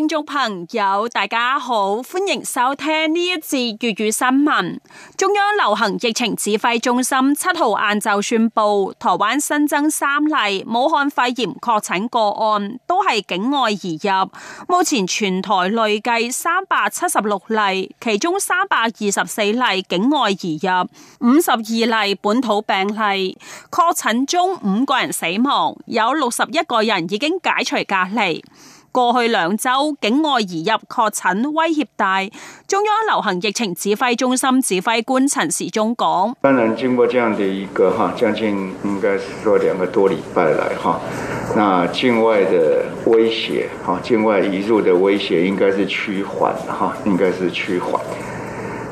聽眾朋友，大家好，歡迎收聽呢一節粵語新聞。中央流行疫情指揮中心七號晏晝宣布，台灣新增三例武漢肺炎確診個案，都係境外移入。目前全台累計三百七十六例，其中三百二十四例境外移入，五十二例本土病例。確診中五個人死亡，有六十一個人已經解除隔離。過去兩周境外移入確診威脅大，中央流行疫情指揮中心指揮官陳時中講：當然，經過這樣的，一個哈，將近應該是說兩個多禮拜嚟哈，那境外的威脅，哈，境外移入的威脅，應該是趨緩，哈，應該是趨緩。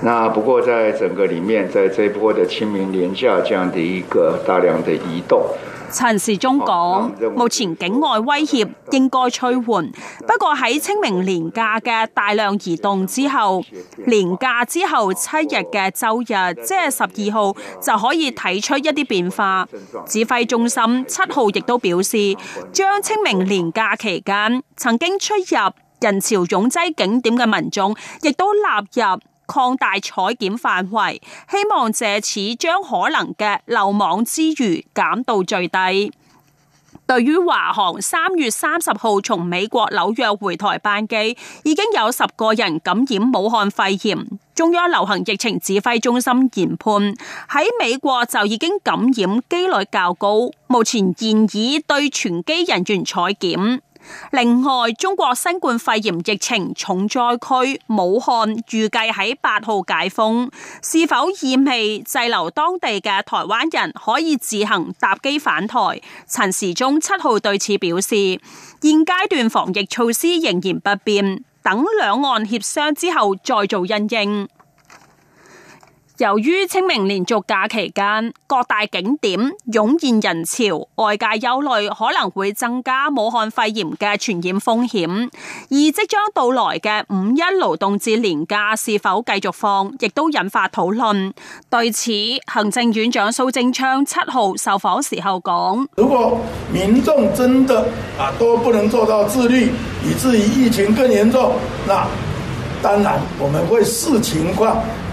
那不過在整個裡面，在這波的清明連假這樣的一個大量的移動。陳時忠講：目前境外威脅應該趨緩，不過喺清明年假嘅大量移動之後，年假之後七日嘅周日，即係十二號就可以睇出一啲變化。指揮中心七號亦都表示，將清明年假期間曾經出入人潮擁擠景點嘅民眾，亦都納入。擴大採檢範圍，希望借此將可能嘅漏網之魚減到最低。對於華航三月三十號從美國紐約回台班機，已經有十個人感染武漢肺炎。中央流行疫情指揮中心研判喺美國就已經感染機率較高，目前現已對全機人員採檢。另外，中國新冠肺炎疫情重災區武漢預計喺八號解封，是否意味滯留當地嘅台灣人可以自行搭機返台？陳時中七號對此表示，現階段防疫措施仍然不變，等兩岸協商之後再做因應。由於清明連續假期間各大景點湧現人潮，外界憂慮可能會增加武漢肺炎嘅傳染風險。而即將到來嘅五一勞動節連假是否繼續放，亦都引發討論。對此，行政院長蘇貞昌七號受訪時候講，如果民眾真的啊都不能做到自律，以至於疫情更嚴重，那當然我們會視情況。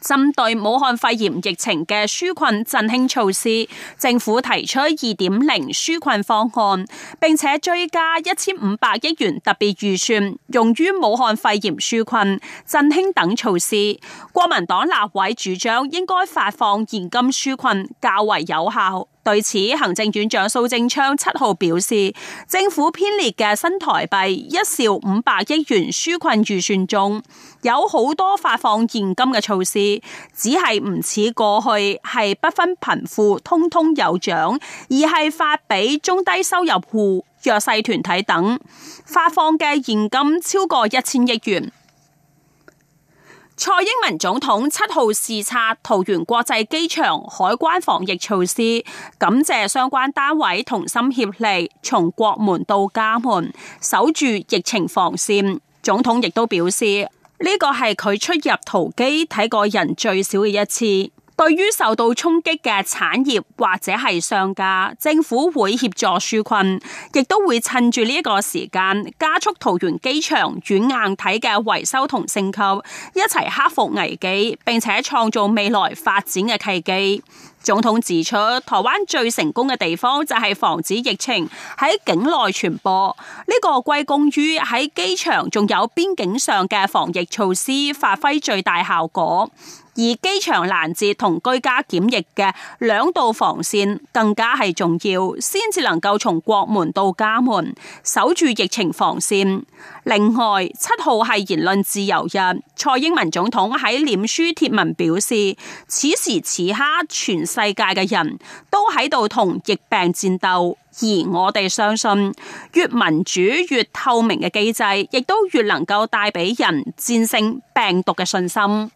針對武漢肺炎疫情嘅紓困振興措施，政府提出二點零紓困方案，並且追加一千五百億元特別預算，用於武漢肺炎紓困振興等措施。國民黨立委主張應該發放現金紓困較為有效。對此，行政院長蘇貞昌七號表示，政府編列嘅新台幣一兆五百億元紓困預算中，有好多發放現金嘅措施，只係唔似過去係不分貧富，通通有獎，而係發俾中低收入戶、弱勢團體等，發放嘅現金超過一千億元。蔡英文總統七號視察桃園國際機場海關防疫措施，感謝相關單位同心協力，從國門到家門守住疫情防線。總統亦都表示，呢個係佢出入桃機睇過人最少嘅一次。對於受到衝擊嘅產業或者係商家，政府會協助紓困，亦都會趁住呢一個時間加速桃園機場軟硬體嘅維修同升級，一齊克服危機，並且創造未來發展嘅契機。總統指出，台灣最成功嘅地方就係防止疫情喺境內傳播，呢個歸功於喺機場仲有邊境上嘅防疫措施發揮最大效果，而機場攔截同居家檢疫嘅兩道防線更加係重要，先至能夠從國門到家門守住疫情防線。另外，七號係言論自由日，蔡英文總統喺臉書貼文表示，此時此刻全世界嘅人都喺度同疫病戰鬥，而我哋相信越民主越透明嘅機制，亦都越能夠帶畀人戰勝病毒嘅信心。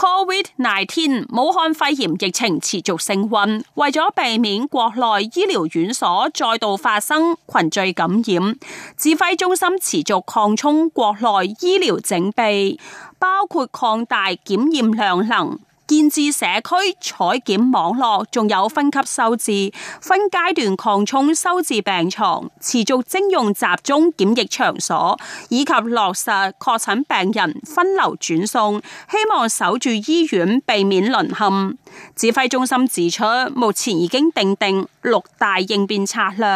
COVID-19 武漢肺炎疫情持續升溫，為咗避免國內醫療院所再度發生群聚感染，指揮中心持續擴充國內醫療整備，包括擴大檢驗量能。建置社區採檢網絡，仲有分級收治、分階段擴充收治病床，持續徵用集中檢疫場所，以及落實確診病人分流轉送，希望守住醫院，避免淪陷。指揮中心指出，目前已經訂定六大應變策略，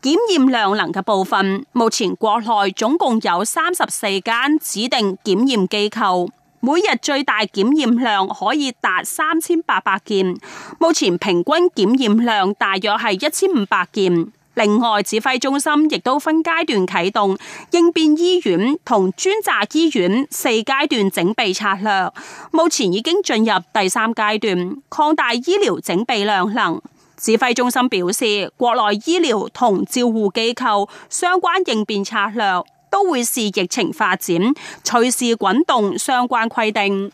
檢驗量能嘅部分，目前國內總共有三十四間指定檢驗機構。每日最大檢驗量可以達三千八百件，目前平均檢驗量大約係一千五百件。另外，指揮中心亦都分階段啟動應變醫院同專責醫院四階段整備策略，目前已經進入第三階段，擴大醫療整備量能。指揮中心表示，國內醫療同照護機構相關應變策略，都會視疫情發展，隨時滾動相關規定。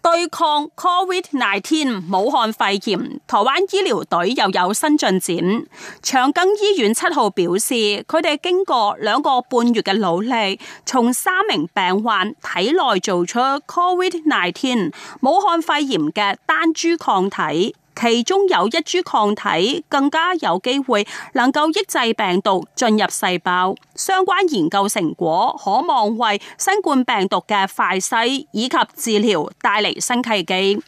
對抗 COVID-19，武漢肺炎，台灣醫療隊又有新進展。長庚醫院七號表示，佢哋經過兩個半月嘅努力，從三名病患體內做出 COVID-19，武漢肺炎嘅單株抗體。其中有一株抗體更加有機會能夠抑制病毒進入細胞，相關研究成果可望為新冠病毒嘅快篩以及治療帶嚟新契機。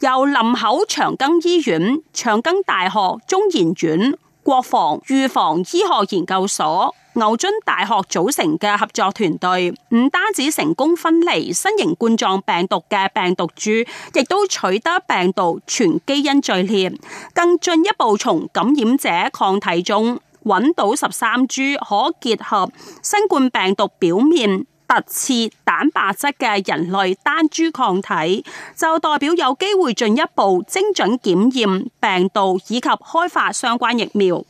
由林口長庚醫院、長庚大學、中研院、國防預防醫學研究所、牛津大學組成嘅合作團隊唔單止成功分離新型冠狀病毒嘅病毒株，亦都取得病毒全基因序列，更進一步從感染者抗體中揾到十三株可結合新冠病毒表面突刺蛋白質嘅人類單株抗體，就代表有機會進一步精準檢驗病毒以及開發相關疫苗。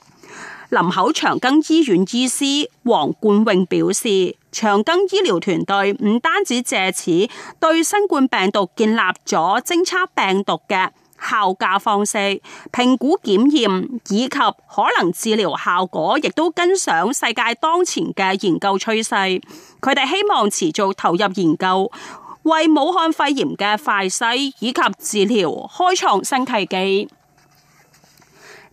林口長庚醫院醫師黃冠榮表示，長庚醫療團隊唔單止借此對新冠病毒建立咗偵測病毒嘅效價方式、評估檢驗以及可能治療效果，亦都跟上世界當前嘅研究趨勢。佢哋希望持續投入研究，為武漢肺炎嘅快篩以及治療開創新契機。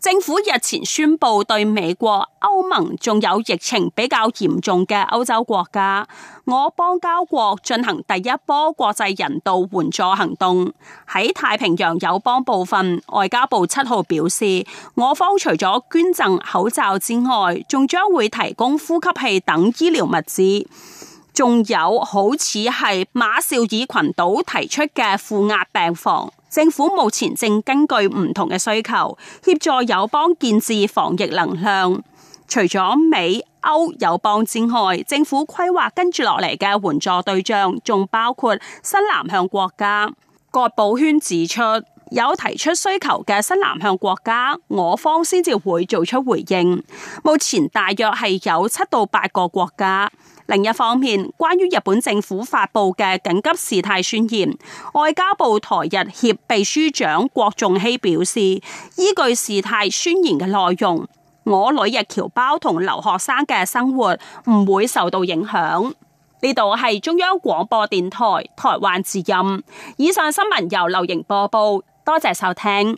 政府日前宣布對美國、歐盟仲有疫情比較嚴重嘅歐洲國家，我邦交國進行第一波國際人道援助行動。喺太平洋友邦部分，外交部七號表示，我方除咗捐贈口罩之外，仲將會提供呼吸器等醫療物資，仲有好似係馬紹爾群島提出嘅負壓病房。政府目前正根據唔同嘅需求協助友邦建置防疫能量。除咗美歐友邦之外，政府規劃跟住落嚟嘅援助對象仲包括新南向國家。郭寶軒指出，有提出需求嘅新南向國家，我方先至會做出回應。目前大約係有七到八個國家。另一方面，關於日本政府發布嘅緊急事態宣言，外交部台日協秘書長郭仲熙表示，依據事態宣言嘅內容，我旅日僑胞同留學生嘅生活唔會受到影響。呢度係中央廣播電台台灣之音，以上新聞由劉瑩播報，多謝收聽。